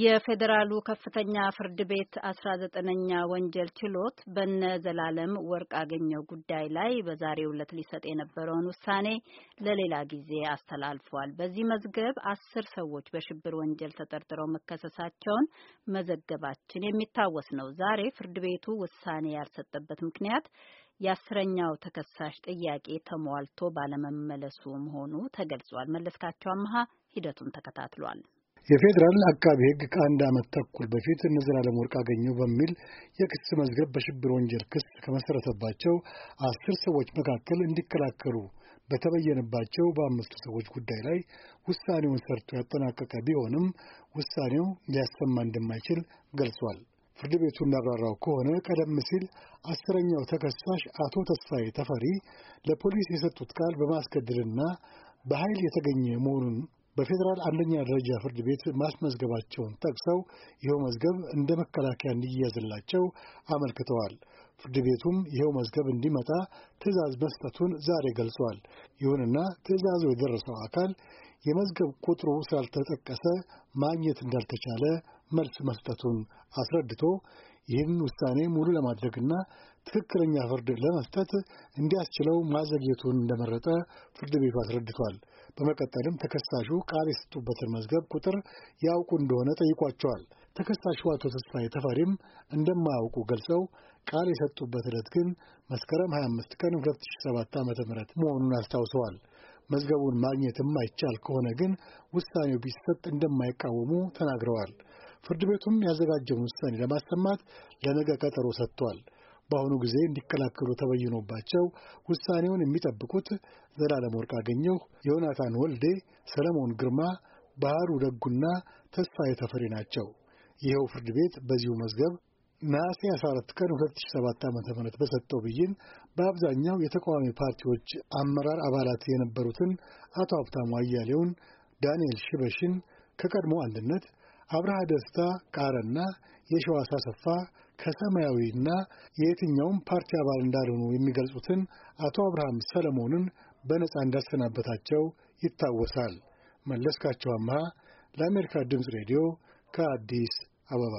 የፌዴራሉ ከፍተኛ ፍርድ ቤት አስራ ዘጠነኛ ወንጀል ችሎት በነ ዘላለም ወርቅ አገኘው ጉዳይ ላይ በዛሬው ዕለት ሊሰጥ የነበረውን ውሳኔ ለሌላ ጊዜ አስተላልፏል። በዚህ መዝገብ አስር ሰዎች በሽብር ወንጀል ተጠርጥረው መከሰሳቸውን መዘገባችን የሚታወስ ነው። ዛሬ ፍርድ ቤቱ ውሳኔ ያልሰጠበት ምክንያት የአስረኛው ተከሳሽ ጥያቄ ተሟልቶ ባለመመለሱ መሆኑ ተገልጿል። መለስካቸው አመሀ ሂደቱን ተከታትሏል። የፌዴራል አቃቢ ሕግ ከአንድ ዓመት ተኩል በፊት እነ ዘላለም ወርቅ አገኘሁ በሚል የክስ መዝገብ በሽብር ወንጀል ክስ ከመሠረተባቸው አስር ሰዎች መካከል እንዲከላከሉ በተበየነባቸው በአምስቱ ሰዎች ጉዳይ ላይ ውሳኔውን ሰርቶ ያጠናቀቀ ቢሆንም ውሳኔው ሊያሰማ እንደማይችል ገልጿል። ፍርድ ቤቱ እንዳብራራው ከሆነ ቀደም ሲል አስረኛው ተከሳሽ አቶ ተስፋዬ ተፈሪ ለፖሊስ የሰጡት ቃል በማስገደድና በኃይል የተገኘ መሆኑን በፌዴራል አንደኛ ደረጃ ፍርድ ቤት ማስመዝገባቸውን ጠቅሰው ይኸው መዝገብ እንደ መከላከያ እንዲያዝላቸው አመልክተዋል። ፍርድ ቤቱም ይኸው መዝገብ እንዲመጣ ትዕዛዝ መስጠቱን ዛሬ ገልጿል። ይሁንና ትዕዛዙ የደረሰው አካል የመዝገብ ቁጥሩ ስላልተጠቀሰ ማግኘት እንዳልተቻለ መልስ መስጠቱን አስረድቶ ይህን ውሳኔ ሙሉ ለማድረግና ትክክለኛ ፍርድ ለመስጠት እንዲያስችለው ማዘግየቱን እንደመረጠ ፍርድ ቤቱ አስረድቷል። በመቀጠልም ተከሳሹ ቃል የሰጡበትን መዝገብ ቁጥር ያውቁ እንደሆነ ጠይቋቸዋል። ተከሳሹ አቶ ተስፋዬ ተፈሪም እንደማያውቁ ገልጸው ቃል የሰጡበት ዕለት ግን መስከረም 25 ቀን 2007 ዓ ም መሆኑን አስታውሰዋል። መዝገቡን ማግኘት የማይቻል ከሆነ ግን ውሳኔው ቢሰጥ እንደማይቃወሙ ተናግረዋል። ፍርድ ቤቱም ያዘጋጀውን ውሳኔ ለማሰማት ለነገ ቀጠሮ ሰጥቷል። በአሁኑ ጊዜ እንዲከላከሉ ተበይኖባቸው ውሳኔውን የሚጠብቁት ዘላለም ወርቅ አገኘሁ፣ ዮናታን ወልዴ፣ ሰለሞን ግርማ፣ ባህሩ ደጉና ተስፋ የተፈሪ ናቸው። ይኸው ፍርድ ቤት በዚሁ መዝገብ ነሐሴ 14 ቀን 2007 ዓ ም በሰጠው ብይን በአብዛኛው የተቃዋሚ ፓርቲዎች አመራር አባላት የነበሩትን አቶ ሀብታሙ አያሌውን፣ ዳንኤል ሽበሽን ከቀድሞ አንድነት አብርሃ ደስታ ቃረና የሸዋስ አሰፋ ከሰማያዊና የየትኛውም ፓርቲ አባል እንዳልሆኑ የሚገልጹትን አቶ አብርሃም ሰለሞንን በነፃ እንዳሰናበታቸው ይታወሳል። መለስካቸው አምሃ ለአሜሪካ ድምፅ ሬዲዮ ከአዲስ አበባ